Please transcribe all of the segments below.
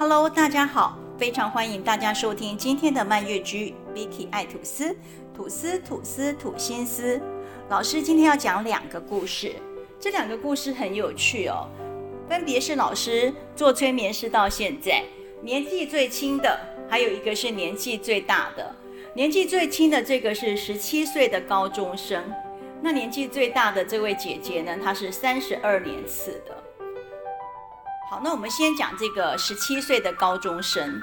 Hello，大家好，非常歡迎大家收聽今天的《漫月居》Vicky 愛吐司，吐司吐司吐心思。老師今天要講兩個故事，這兩個故事很有趣哦。分別是老師做催眠師到現在，年紀最輕的，還有一個是年紀最大的。年紀最輕的這個是十七歲的高中生，那年紀最大的這位姐姐呢，她是三十二年次的。好，那我們先講這個十七歲的高中生。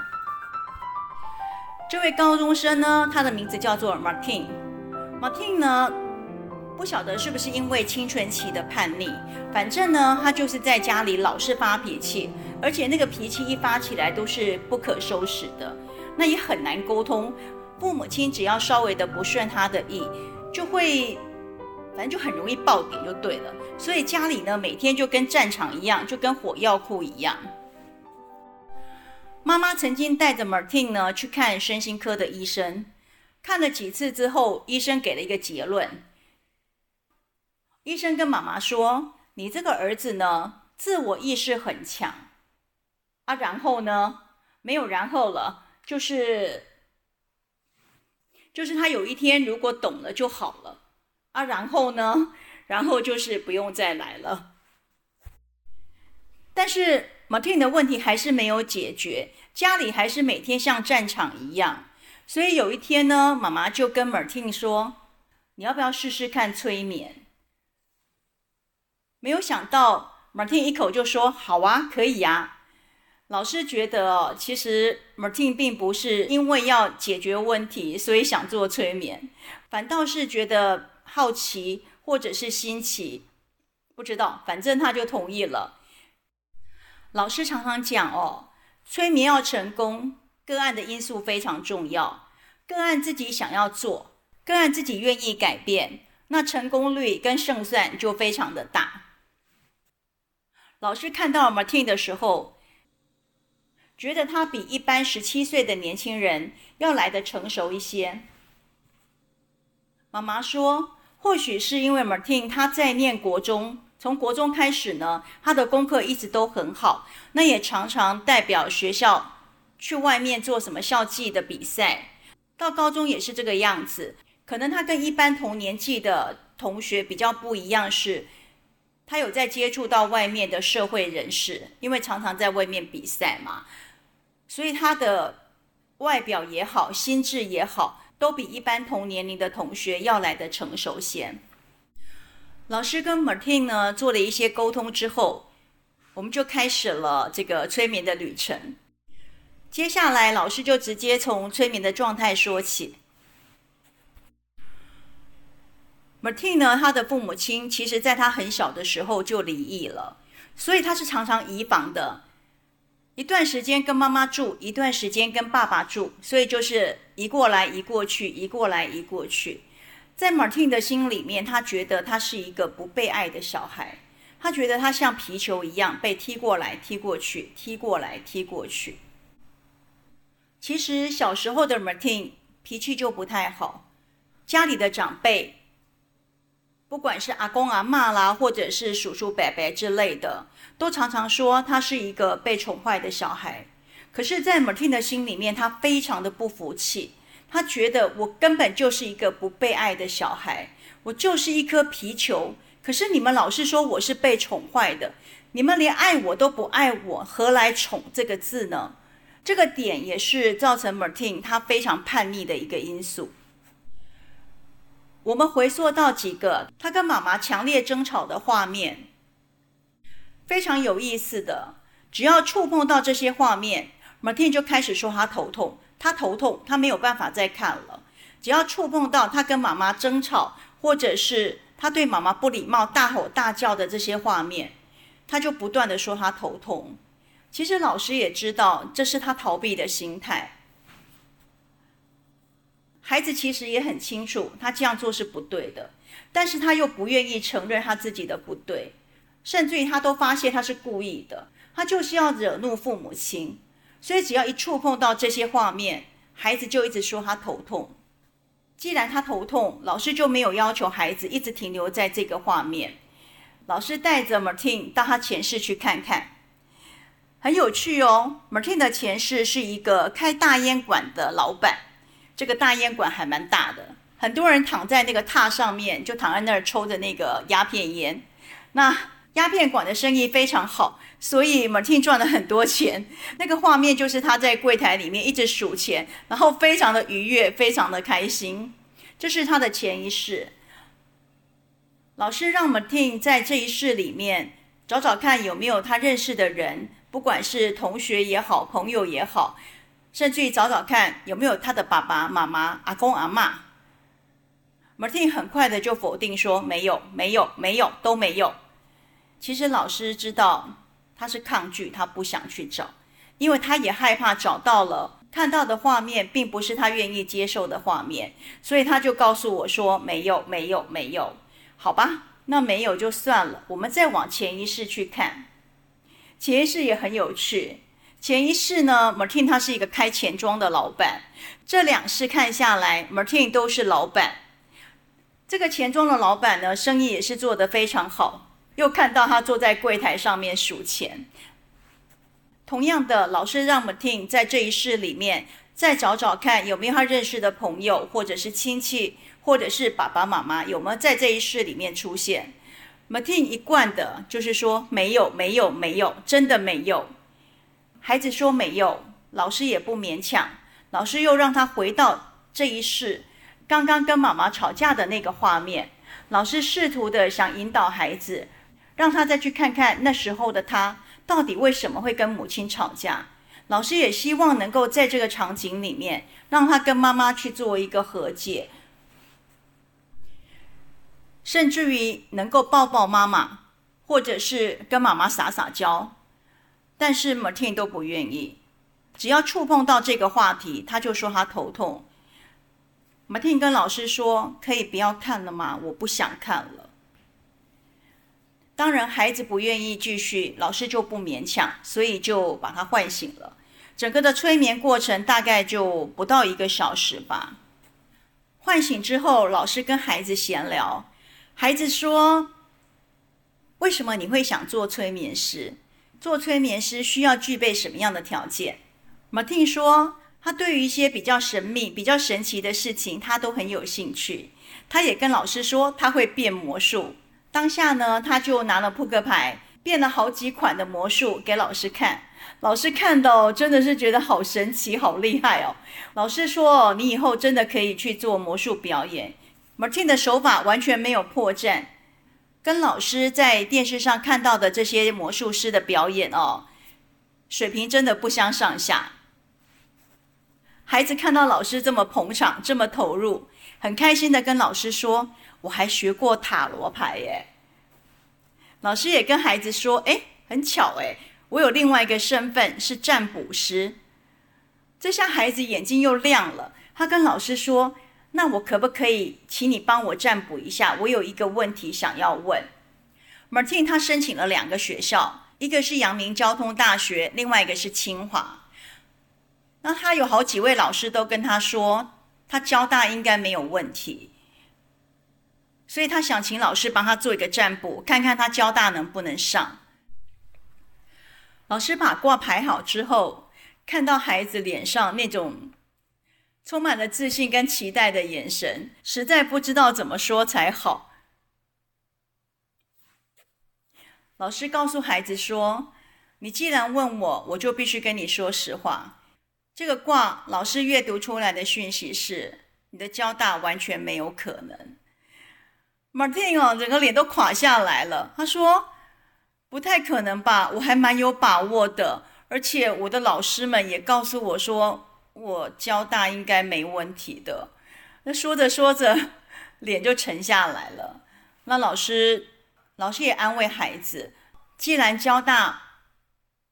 這位高中生呢，他的名字叫做 Martin。Martin 呢，不曉得是不是因為青春期的叛逆，反正呢，他就是在家裡老是發脾氣，而且那個脾氣一發起來都是不可收拾的，那也很難溝通。父母親只要稍微的不順他的意，就會。反正就很容易爆點就對了，所以家裡呢每天就跟戰場一樣，就跟火藥庫一樣。媽媽曾經帶着 Martin 呢去看身心科的醫生，看了幾次之後，醫生給了一個結論。醫生跟媽媽說：“你這個兒子呢，自我意識很強啊。”然後呢，沒有然後了，就是就是他有一天如果懂了就好了。啊，然後呢？然後就是不用再來了。但是 Martin 的問題還是沒有解決，家裡還是每天像戰場一樣。所以有一天呢，媽媽就跟 Martin 說：“你要不要試試看催眠？”沒有想到，Martin 一口就說：“好啊，可以啊。”老師覺得，其實 Martin 並不是因為要解決問題，所以想做催眠，反倒是覺得。好奇或者是新奇，不知道，反正他就同意了。老師常常講哦，催眠要成功，個案的因素非常重要。個案自己想要做，個案自己願意改變，那成功率跟勝算就非常的大。老師看到 Martin 的時候，覺得他比一般十七歲的年輕人要來得成熟一些。媽媽說。或許是因為 Martin 他在念國中，從國中開始呢，他的功課一直都很好，那也常常代表學校去外面做什麼校際的比賽。到高中也是這個樣子。可能他跟一般同年紀的同學比較不一樣，是他有在接觸到外面的社會人士，因為常常在外面比賽嘛，所以他的外表也好，心智也好。都比一般同年齡的同學要來的成熟些。老師跟 Martin 呢做了一些溝通之後，我們就開始了這個催眠的旅程。接下來，老師就直接從催眠的狀態說起。Martin 呢，他的父母親其實在他很小的時候就離異了，所以他是常常移防的。一段時間跟媽媽住，一段時間跟爸爸住，所以就是移過來移過去，移過來移過去。在 Martin 的心裡面，他覺得他是一個不被愛的小孩，他覺得他像皮球一樣被踢過來、踢過去、踢過來、踢過去。其實小時候的 Martin 脾氣就不太好，家裡的長輩，不管是阿公阿嬤啦，或者是叔叔伯伯之類的，都常常說他是一個被寵壞的小孩。可是，在 Martin 的心裡面，他非常的不服氣，他覺得我根本就是一個不被愛的小孩，我就是一顆皮球。可是你們老是說我是被寵壞的，你們連愛我都不愛我，何來寵這個字呢？這個點也是造成 Martin 他非常叛逆的一個因素。我們回溯到幾個他跟媽媽強烈爭吵的畫面，非常有意思的。只要觸碰到這些畫面，Martin 就開始說他頭痛，他頭痛，他沒有辦法再看了。只要觸碰到他跟媽媽爭吵，或者是他對媽媽不禮貌、大吼大叫的這些畫面，他就不斷地說他頭痛。其實老師也知道，這是他逃避的心態。孩子其實也很清楚，他這樣做是不對的，但是他又不願意承認他自己的不對，甚至於他都發現他是故意的，他就是要惹怒父母親。所以只要一觸碰到這些畫面，孩子就一直說他頭痛。既然他頭痛，老師就沒有要求孩子一直停留在這個畫面。老師帶着 Martin 到他前世去看看，很有趣哦。Martin 的前世是一個開大煙館的老闆。這個大煙館還蠻大的，很多人躺在那個榻上面，就躺在那兒抽着那個鴉片煙。那鴉片館的生意非常好，所以 Martin 賺了很多錢。那個畫面就是他在櫃檯裡面一直數錢，然後非常的愉悅，非常的開心。這是他的前一世。老師讓 Martin 在這一世裡面找找看有沒有他認識的人，不管是同學也好，朋友也好。甚至於找找看有沒有他的爸爸、媽媽、阿公、阿嬤。Martin 很快的就否定說：沒有、沒有、沒有，都沒有。其實老師知道他是抗拒，他不想去找，因為他也害怕找到了看到的畫面並不是他願意接受的畫面，所以他就告訴我說：沒有、沒有、沒有。好吧，那沒有就算了，我們再往前一世去看，前一世也很有趣。前一世呢，Martin 他是一個開錢莊的老闆。這兩世看下來，Martin 都是老闆。這個錢莊的老闆呢，生意也是做得非常好。又看到他坐在櫃檯上面數錢。同樣的，老師讓 Martin 在這一世裡面再找找看，有沒有他認識的朋友，或者是親戚，或者是爸爸媽媽，有沒有在這一世裡面出現？Martin 一貫的就是說沒有，沒有，沒有，真的沒有。孩子說沒有，老師也不勉強。老師又讓他回到這一世剛剛跟媽媽吵架的那個畫面。老師試圖的想引導孩子，讓他再去看看那時候的他到底為什麼會跟母親吵架。老師也希望能夠在這個場景裡面，讓他跟媽媽去做一個和解，甚至於能夠抱抱媽媽，或者是跟媽媽撒撒嬌。但是 Martin 都不願意，只要觸碰到這個話題，他就說他頭痛。Martin 跟老師說：“可以不要看了嗎？我不想看了。”當然，孩子不願意繼續，老師就不勉強，所以就把他喚醒了。整個的催眠過程大概就不到一個小時吧。喚醒之後，老師跟孩子閒聊，孩子說：“為什麼你會想做催眠師？”做催眠師需要具備什麼樣的條件？Martin 說，他對於一些比較神秘、比較神奇的事情，他都很有興趣。他也跟老師說，他會變魔術。當下呢，他就拿了撲克牌，變了好幾款的魔術給老師看。老師看到，真的是覺得好神奇、好厲害哦。老師說，你以後真的可以去做魔術表演。Martin 的手法完全沒有破綻。跟老師在電視上看到的這些魔術師的表演哦，水平真的不相上下。孩子看到老師這麼捧場，這麼投入，很開心的跟老師說：“我還學過塔羅牌耶。”老師也跟孩子說：“哎、欸，很巧哎，我有另外一個身份是占卜師。”這下孩子眼睛又亮了，他跟老師說。那我可不可以請你幫我占卜一下？我有一個問題想要問。Martin 他申請了兩個學校，一個是陽明交通大學，另外一個是清華。那他有好幾位老師都跟他說，他交大應該沒有問題，所以他想請老師幫他做一個占卜，看看他交大能不能上。老師把卦排好之後，看到孩子臉上那種。充滿了自信跟期待的眼神，實在不知道怎麼說才好。老師告訴孩子說：“你既然問我，我就必須跟你說實話。”這個卦，老師閱讀出來的訊息是：你的交大完全沒有可能。Martin 哦，整個臉都垮下來了。他說：“不太可能吧？我還蠻有把握的，而且我的老師們也告訴我說。”我交大應該沒問題的。那說着說着，臉就沉下來了。那老師，老師也安慰孩子，既然交大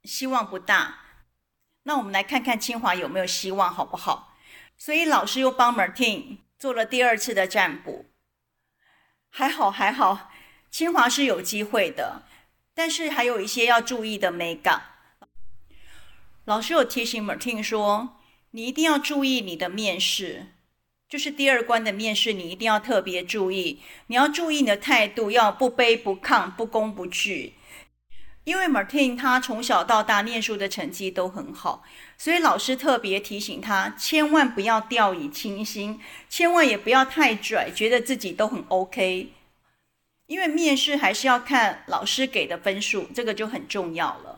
希望不大，那我們來看看清華有沒有希望，好不好？所以老師又幫 Martin 做了第二次的占卜。還好還好，清華是有機會的，但是還有一些要注意的美感。老師有提醒 Martin 說。你一定要注意你的面試，就是第二關的面試，你一定要特別注意。你要注意你的態度，要不卑不亢，不攻不懼。因為 Martin 他從小到大唸書的成績都很好，所以老師特別提醒他，千萬不要掉以輕心，千萬也不要太拽，覺得自己都很 OK。因為面試還是要看老師給的分數，這個就很重要了。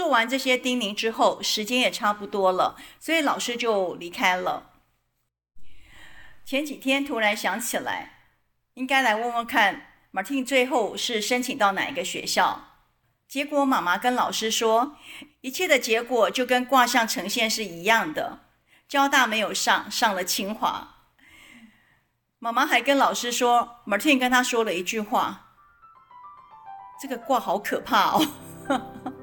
做完這些叮嚀之後，時間也差不多了，所以老師就離開了。前幾天突然想起來，應該來問問看 Martin 最後是申請到哪一個學校。結果媽媽跟老師說，一切的結果就跟卦象呈現是一樣的，交大沒有上，上了清華。媽媽還跟老師說，Martin 跟他說了一句話：“這個卦好可怕哦。 ”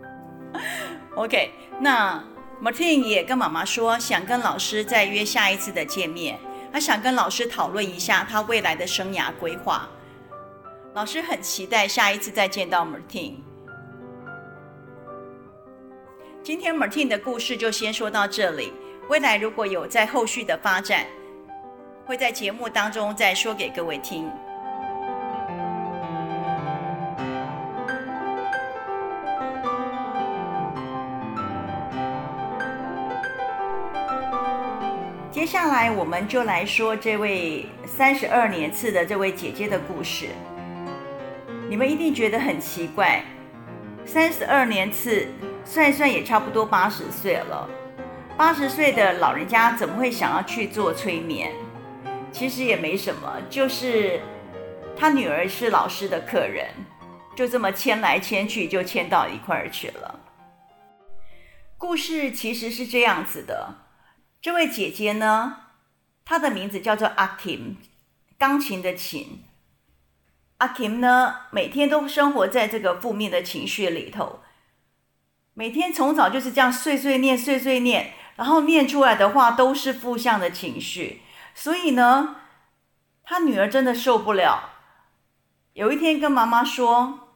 OK，那 Martin 也跟媽媽說，想跟老師再約下一次的見面，他想跟老師討論一下他未來的生涯規劃。老師很期待下一次再見到 Martin。今天 Martin 的故事就先說到這裡，未來如果有在後續的發展，會在節目當中再說給各位聽。接下來我們就來說這位三十二年次的這位姐姐的故事。你們一定覺得很奇怪，三十二年次，算算也差不多八十歲了。八十歲的老人家怎麼會想要去做催眠？其實也沒什麼，就是他女兒是老師的客人，就這麼牽來牽去，就牽到一塊兒去了。故事其實是這樣子的。這位姐姐呢，她的名字叫做阿琴，鋼琴的琴。阿琴呢，每天都生活在這個負面的情緒裡頭，每天從早就是這樣碎碎念、碎碎念，然後念出來的話都是負向的情緒，所以呢，她女兒真的受不了，有一天跟媽媽說：“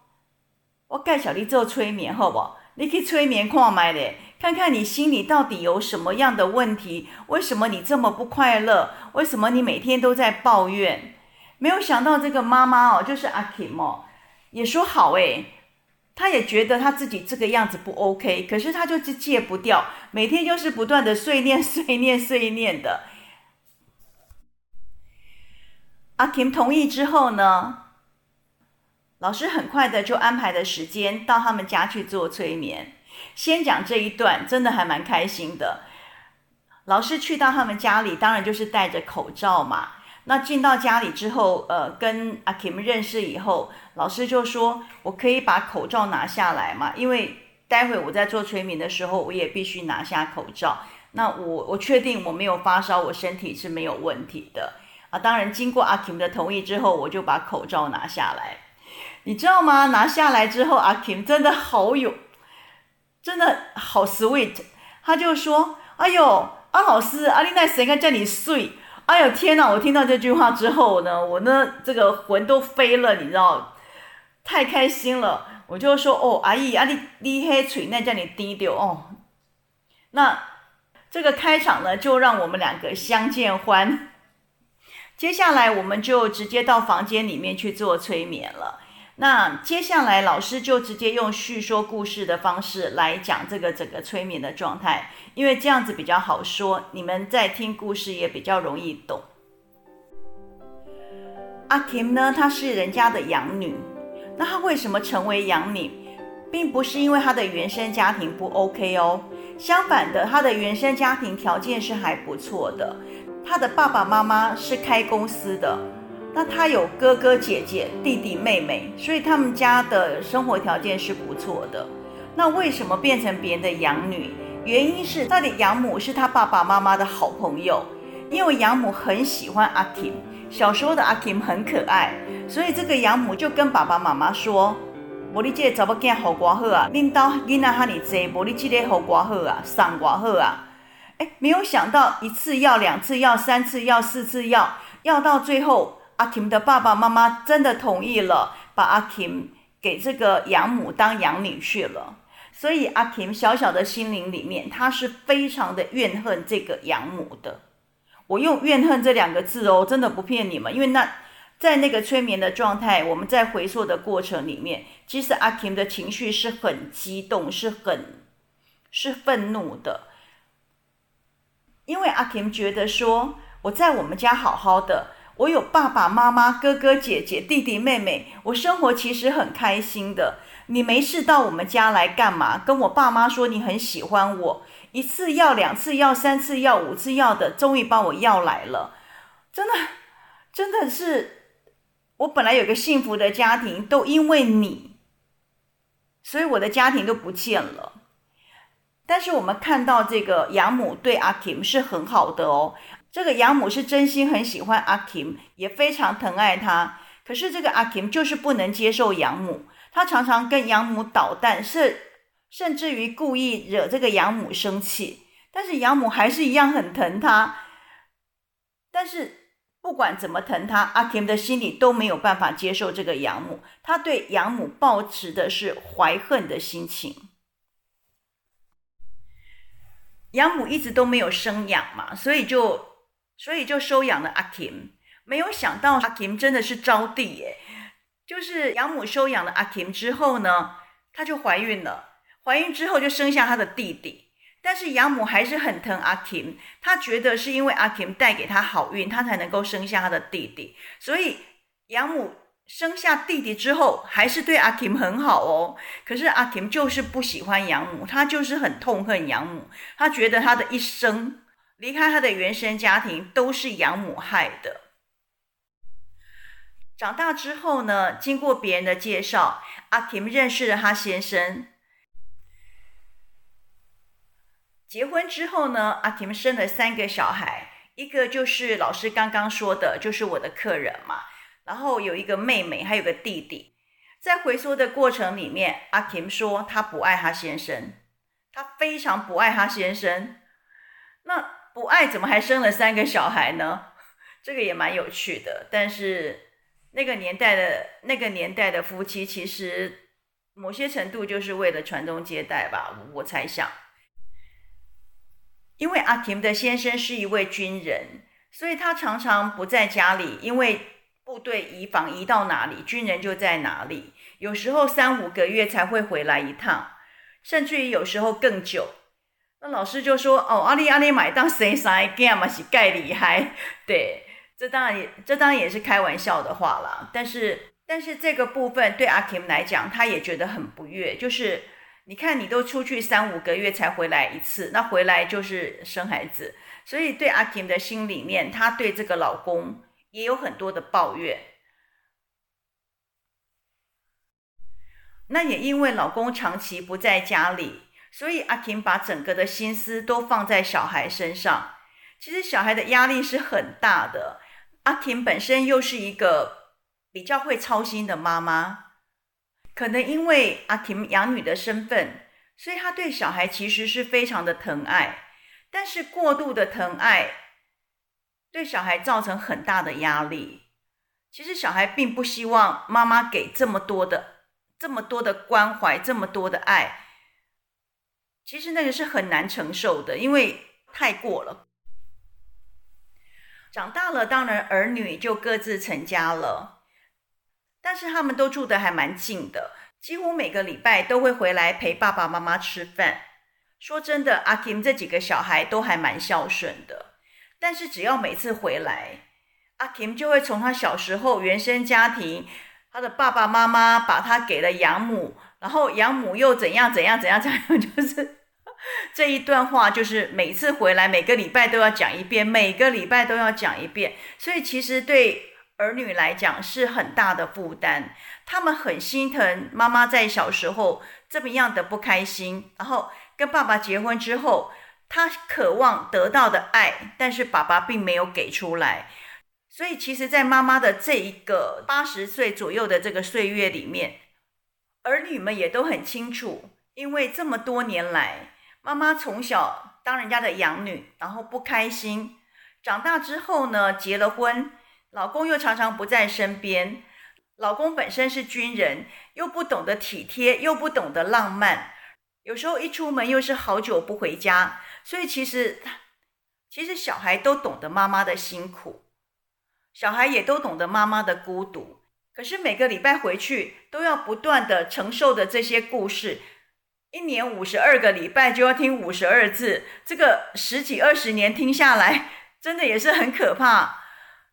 我介紹你做催眠，好不？你去催眠看麥的。”看看你心裡到底有什麼樣的問題？為什麼你這麼不快樂？為什麼你每天都在抱怨？沒有想到這個媽媽哦，就是阿琴哦，也說好誒，她也覺得她自己這個樣子不 OK，可是她就是戒不掉，每天就是不斷的碎念、碎念、碎念的。阿琴同意之後呢，老師很快的就安排的時間到他們家去做催眠。先講這一段，真的還蠻開心的。老師去到他們家裡，當然就是戴着口罩嘛。那進到家裡之後，呃，跟阿琴認識以後，老師就說：“我可以把口罩拿下來嘛？因為待會我在做催眠的時候，我也必須拿下口罩。那我我確定我沒有發燒，我身體是沒有問題的啊。當然，經過阿琴的同意之後，我就把口罩拿下來。你知道嗎？拿下來之後，阿琴真的好勇。”真的好 sweet，他就說：“哎呦，阿、啊、老師，阿麗奈誰敢叫你睡？”哎呦天哪！我聽到這句話之後呢，我呢這個魂都飛了，你知道？太開心了！我就說：“哦，阿姨，阿、啊、麗，你嘿催眠叫你低調哦。那”那這個開場呢，就讓我們兩個相見歡。接下來，我們就直接到房間裡面去做催眠了。那接下來老師就直接用敘說故事的方式來講這個整個催眠的狀態，因為這樣子比較好說，你們在聽故事也比較容易懂。阿琴、啊、呢，她是人家的養女，那她為什麼成為養女，並不是因為她的原生家庭不 OK 哦，相反的，她的原生家庭條件是還不錯的，她的爸爸媽媽是開公司的。那他有哥哥姐姐、弟弟妹妹，所以他們家的生活條件是不錯的。那為什麼變成別人的養女？原因是他的養母是他爸爸媽媽的好朋友，因為養母很喜歡阿婷。小時候的阿婷很可愛，所以這個養母就跟爸爸媽媽說：無你這查某囝好乖好啊，領導囡仔哈你坐，無你記得好乖好啊，上乖好啊。誒，沒有想到一次要兩次要三次要四次要，要到最後。阿琴的爸爸媽媽真的同意了，把阿琴給這個養母當養女去了。所以阿琴小小的心靈裡面，他是非常的怨恨這個養母的。我用“怨恨”這兩個字哦，真的不騙你們，因為那在那個催眠的狀態，我們在回溯的過程裡面，其實阿琴的情緒是很激動，是很是憤怒的。因為阿琴覺得說，我在我們家好好的。我有爸爸媽媽、哥哥姐姐、弟弟妹妹，我生活其實很開心的。你沒事到我們家來幹嘛？跟我爸媽說你很喜歡我，一次要、兩次要、三次要、五次要的，終於把我要來了。真的，真的是我本來有個幸福的家庭，都因為你，所以我的家庭都不見了。但是我們看到這個養母對阿琴是很好的哦。這個養母是真心很喜歡阿琴，也非常疼愛她。可是這個阿琴就是不能接受養母，她常常跟養母搗蛋，甚甚至於故意惹這個養母生氣。但是養母還是一樣很疼她。但是不管怎麼疼她，阿琴的心裡都沒有辦法接受這個養母。她對養母抱持的是懷恨的心情。養母一直都沒有生養嘛，所以就。所以就收養了阿琴。沒有想到阿琴真的是招弟耶，就是養母收養了阿琴之後呢，她就懷孕了，懷孕之後就生下她的弟弟，但是養母還是很疼阿琴，她覺得是因為阿琴帶給她好運，她才能夠生下她的弟弟，所以養母生下弟弟之後，還是對阿琴很好哦。可是阿琴就是不喜歡養母，她就是很痛恨養母，她覺得她的一生離開他的原生家庭都是養母害的。長大之後呢，經過別人的介紹，阿 t 認識了他先生。結婚之後呢，阿 t 生了三個小孩，一個就是老師剛剛說的，就是我的客人嘛。然後有一個妹妹，還有一個弟弟。在回說的過程裡面，阿 t 說他不愛他先生，他非常不愛他先生。那不愛怎麼還生了三個小孩呢？這個也蠻有趣的。但是那個年代的、那個年代的夫妻，其實某些程度就是為了傳宗接代吧，我，我猜想。因為阿 t 的先生是一位軍人，所以他常常不在家裡，因為部隊移防移到哪裡，軍人就在哪裡。有時候三五個月才會回來一趟，甚至於有時候更久。那老師就說：“哦，阿里阿里買當誰生？蓋嘛是蓋厲害，對，這當然也這當然也是開玩笑的話啦。但是，但是這個部分對阿 Kim 來講，他也覺得很不悅。就是你看，你都出去三五個月才回來一次，那回來就是生孩子，所以對阿 Kim 的心裡面，她對這個老公也有很多的抱怨。那也因為老公長期不在家裡。”所以阿琴把整個的心思都放在小孩身上，其實小孩的壓力是很大的。阿琴本身又是一個比較會操心的媽媽，可能因為阿琴養女的身份，所以她對小孩其實是非常的疼愛，但是過度的疼愛對小孩造成很大的壓力。其實小孩並不希望媽媽給這麼多的、這麼多的關懷、這麼多的愛。其實那個是很難承受的，因為太過了。長大了，當然兒女就各自成家了，但是他們都住得還蠻近的，幾乎每個禮拜都會回來陪爸爸媽媽吃飯。說真的，阿琴這幾個小孩都還蠻孝順的，但是只要每次回來，阿琴就會從他小時候原生家庭，他的爸爸媽媽把他給了養母，然後養母又怎樣怎樣怎樣怎樣，就是。這一段話就是每次回來，每個禮拜都要講一遍，每個禮拜都要講一遍。所以其實對兒女來講是很大的負擔，他們很心疼媽媽在小時候這麼樣的不開心，然後跟爸爸結婚之後，他渴望得到的愛，但是爸爸並沒有給出來。所以其實，在媽媽的這一個八十歲左右的這個歲月裡面，兒女們也都很清楚，因為這麼多年來。媽媽從小當人家的養女，然後不開心。長大之後呢，結了婚，老公又常常不在身邊。老公本身是軍人，又不懂得體貼，又不懂得浪漫。有時候一出門又是好久不回家，所以其實，其實小孩都懂得媽媽的辛苦，小孩也都懂得媽媽的孤獨。可是每個禮拜回去，都要不斷的承受的這些故事。一年五十二個禮拜就要聽五十二次，這個十幾二十年聽下來，真的也是很可怕。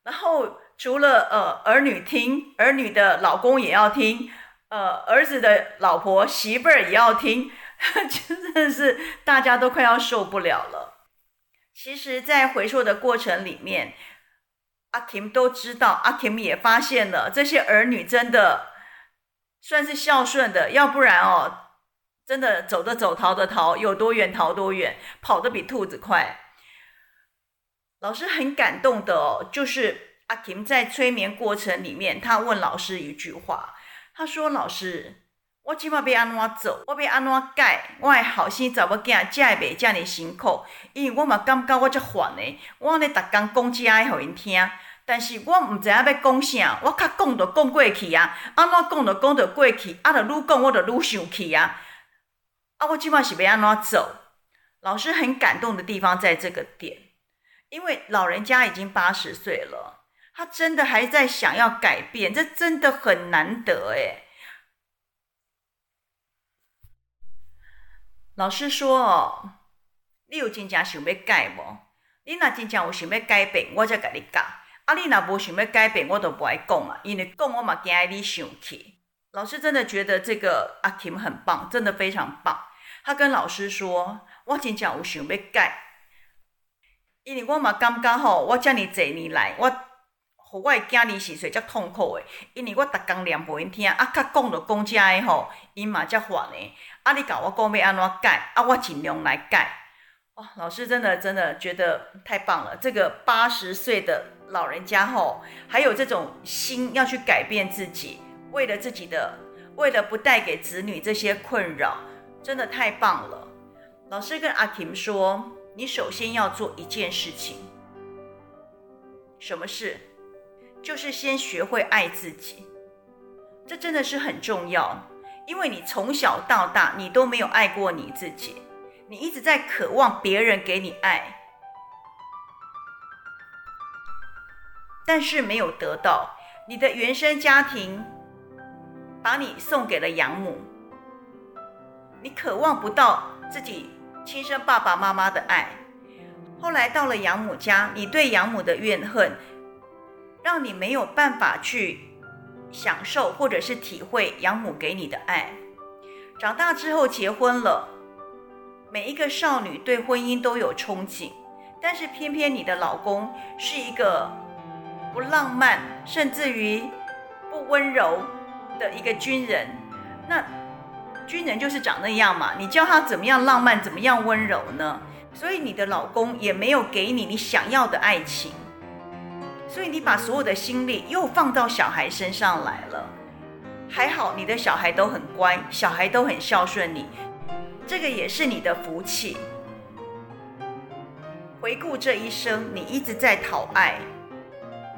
然後除了呃兒女聽，兒女的老公也要聽，呃兒子的老婆媳婦兒也要聽，真 的，就是大家都快要受不了了。其實，在回溯的過程裡面，阿琴都知道，阿琴也發現了這些兒女真的算是孝順的，要不然哦。真的走着走，逃的逃，有多遠逃多遠，跑得比兔子快。老師很感動的哦，就是阿 k 在催眠過程裡面，他問老師一句話，他說：“老師，我今日要安怎走？我要安怎麼改？我後生仔要嫁，嫁也未嫁哩辛苦，因為我也感覺我真煩的。我咧，逐工講家，給因聽，但是我唔知影要講啥，我卡講就講過去啊，安怎講就講得過去，啊得癒講我就越生氣啊。”阿、啊、我今晚是被，阿媽走。老師很感動的地方在這個點，因為老人家已經八十歲了，他真的還在想要改變，這真的很難得哎。老師說：“哦，你有真正想要改無？你若真正有想要改變，我才跟你講。啊，你若無想要改變，我都不愛講嘛，因為講我嘛驚你生氣。”老師真的覺得這個阿琴很棒，真的非常棒。他跟老師說：“我真正有想要改，因為我嘛感覺吼，我這麼多年來，我我嘅家人是做較痛苦的，因為我逐天念不聽，啊，佮講就講遮個吼，伊嘛較煩的。啊，你教我講要安怎改，啊，我盡量來改。哦，老師真的真的覺得太棒了，這個八十歲的老人家吼，還有這種心要去改變自己，為了自己的，為了不帶給子女這些困擾。”真的太棒了！老師跟阿琴說：“你首先要做一件事情，什麼事？就是先學會愛自己。這真的是很重要，因為你從小到大，你都沒有愛過你自己，你一直在渴望別人給你愛，但是沒有得到。你的原生家庭把你送給了養母。”你渴望不到自己親生爸爸媽媽的愛，後來到了養母家，你對養母的怨恨，讓你沒有辦法去享受或者是體會養母給你的愛。長大之後結婚了，每一個少女對婚姻都有憧憬，但是偏偏你的老公是一個不浪漫甚至於不溫柔的一個軍人，那。軍人就是長那樣嘛，你教他怎麼樣浪漫，怎麼樣溫柔呢？所以你的老公也沒有給你你想要的愛情，所以你把所有的心力又放到小孩身上來了。還好你的小孩都很乖，小孩都很孝順你，這個也是你的福氣。回顧這一生，你一直在討愛，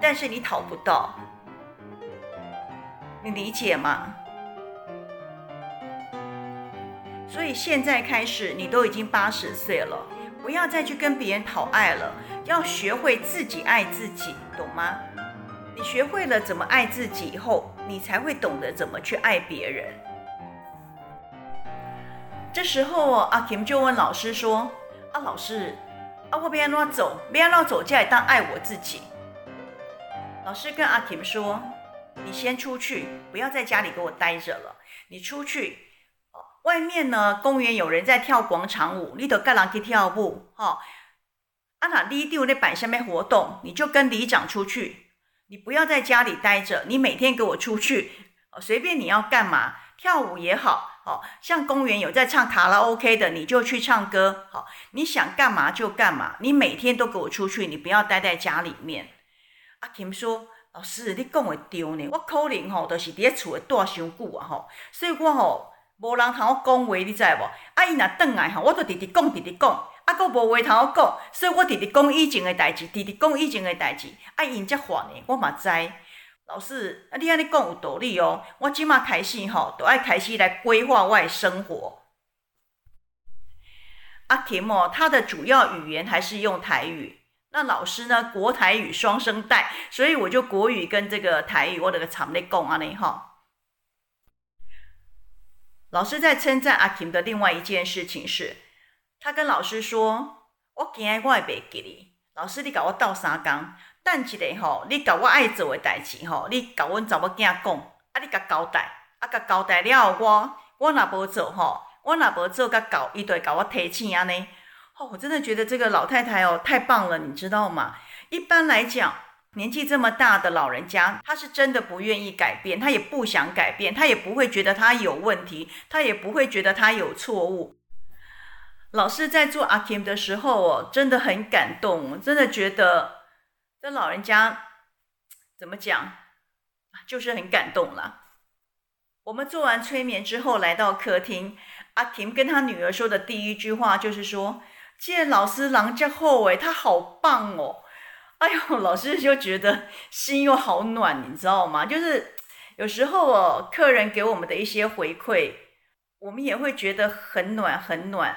但是你討不到，你理解嗎？所以現在開始，你都已經八十歲了，不要再去跟別人討愛了，要學會自己愛自己，懂嗎？你學會了怎麼愛自己以後，你才會懂得怎麼去愛別人。這時候、啊，阿琴就問老師說：“阿、啊、老師，啊、我不要那走，不要那走，就要當愛我自己。”老師跟阿、啊、琴說：“你先出去，不要在家裡給我待着了，你出去。”外面呢，公園有人在跳廣場舞，你都去哪去跳舞？哈、哦，啊那你丟那板上面活動，你就跟里長出去，你不要在家裡待着，你每天給我出去，隨、哦、便你要幹嘛，跳舞也好，哦，像公園有在唱卡拉 OK 的，你就去唱歌，好、哦，你想幹嘛就幹嘛，你每天都給我出去，你不要待在家裡面。阿琴說：“老、哦、師，你講的對呢，我可能吼、哦、都、就是在厝裡待傷久啊，吼、哦，所以我吼、哦。”無人通我講話，你知無？啊，伊若轉來吼，我就直直講，直直講，啊，佫無話通我講，所以我直直講以前的代志，直直講以前的代志，啊，因則煩的，我嘛知。老師，啊，你安尼講有道理哦。我即滿開始吼，都、哦、要開始來規劃我的生活。阿、啊、婷哦，他的主要語言還是用台語，那老師呢，國台語雙聲帶，所以我就國語跟這個台語，我着佫慘內講安尼吼。哦老師在稱讚阿琴的另外一件事情是，他跟老師說：“我今仔我也袂記你，老師你甲我鬥相共，等一下吼，你甲我愛做的代志吼，你甲阮查某囝講，啊你甲交代，啊甲交代了後，我，我若無做吼，我若無做，佮搞一堆，甲我提醒安尼，吼、哦、我真的覺得這個老太太哦太棒了，你知道嗎？一般來講。年紀這麼大的老人家，他是真的不願意改變，他也不想改變，他也不會覺得他有問題，他也不會覺得他有錯誤。老師在做阿琴的時候，哦，真的很感動，真的覺得這老人家怎麼講，就是很感動了。我們做完催眠之後，來到客廳，阿琴跟他女兒說的第一句話就是說：“謝老師人這，郎家後誒他好棒哦。”哎喲，老師就覺得心又好暖，你知道嗎？就是有時候哦，客人給我們的一些回饋，我們也會覺得很暖，很暖。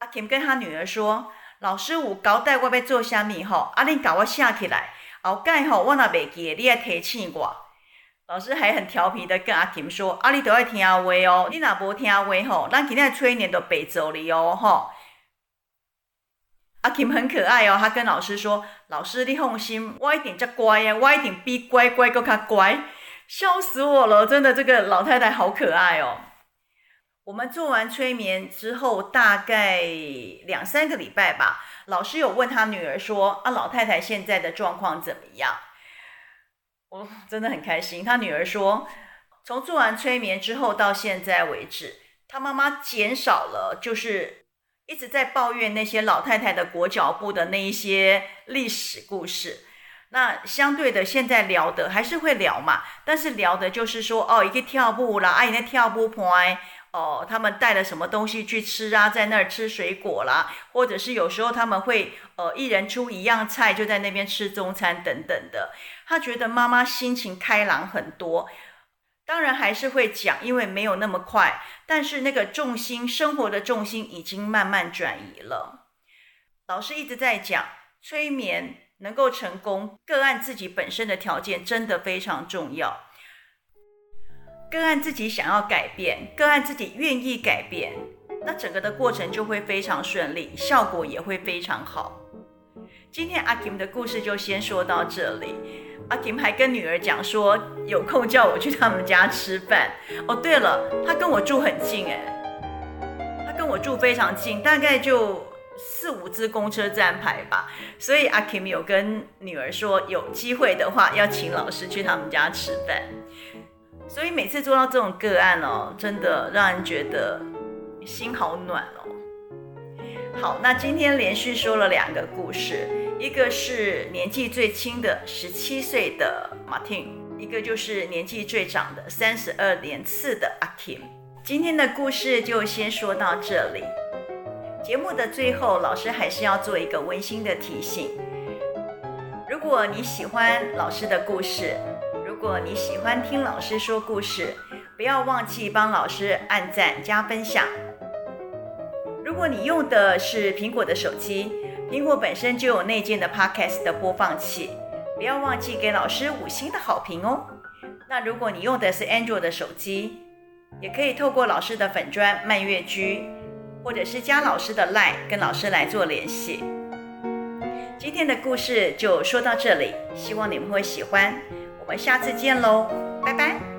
阿琴跟他女兒說：“老師我，啊、我搞在外邊做蝦米吼，阿玲搞我下起來，哦、我蓋吼我那袂記，你要提醒我。”老師還很調皮的跟阿琴說：“阿玲都要聽威哦，你若無聽威吼，那今天催眠都白做了哦，吼。阿琴很可愛哦，他跟老師說：“老師你放心，歪一點才乖呀，歪一點比乖乖更加乖。”笑死我了，真的這個老太太好可愛哦。我們做完催眠之後，大概兩三個禮拜吧，老師有問他女兒說：“啊，老太太現在的狀況怎麼樣？”我真的很開心，他女兒說：“從做完催眠之後到現在為止，他媽媽減少了就是。”一直在抱怨那些老太太的裹腳布的那一些歷史故事，那相對的現在聊的還是會聊嘛，但是聊的就是說哦一個跳步啦，阿姨那跳步 point 哦他們帶了什麼東西去吃啊，在那兒吃水果啦，或者是有時候他們會呃一人出一樣菜，就在那邊吃中餐等等的，他覺得媽媽心情開朗很多。當然還是會講，因為沒有那麼快，但是那個重心，生活的重心已經慢慢轉移了。老師一直在講，催眠能夠成功，個案自己本身的條件真的非常重要。個案自己想要改變，個案自己願意改變，那整個的過程就會非常順利，效果也會非常好。今天阿琴的故事就先說到這裡。阿琴還跟女兒講說，有空叫我去他們家吃飯。哦，對了，他跟我住很近耶，他跟我住非常近，大概就四五支公車站牌吧。所以阿琴有跟女兒說，有機會的話要請老師去他們家吃飯。所以每次做到這種個案哦，真的讓人覺得心好暖哦。好，那今天連續說了兩個故事。一個是年紀最輕的十七歲的 Martin，一個就是年紀最長的三十二年次的阿琴，今天的故事就先說到這裡。節目的最後，老師還是要做一個溫馨的提醒：如果你喜歡老師的故事，如果你喜歡聽老師說故事，不要忘記幫老師按讚加分享。如果你用的是蘋果的手機。蘋果本身就有內建的 Podcast 的播放器，不要忘記給老師五星的好評哦。那如果你用的是 Android 的手機，也可以透過老師的粉專蔓月居，或者是加老師的 Line 跟老師來做聯繫。今天的故事就說到這裡，希望你們會喜歡，我們下次見嘍，拜拜。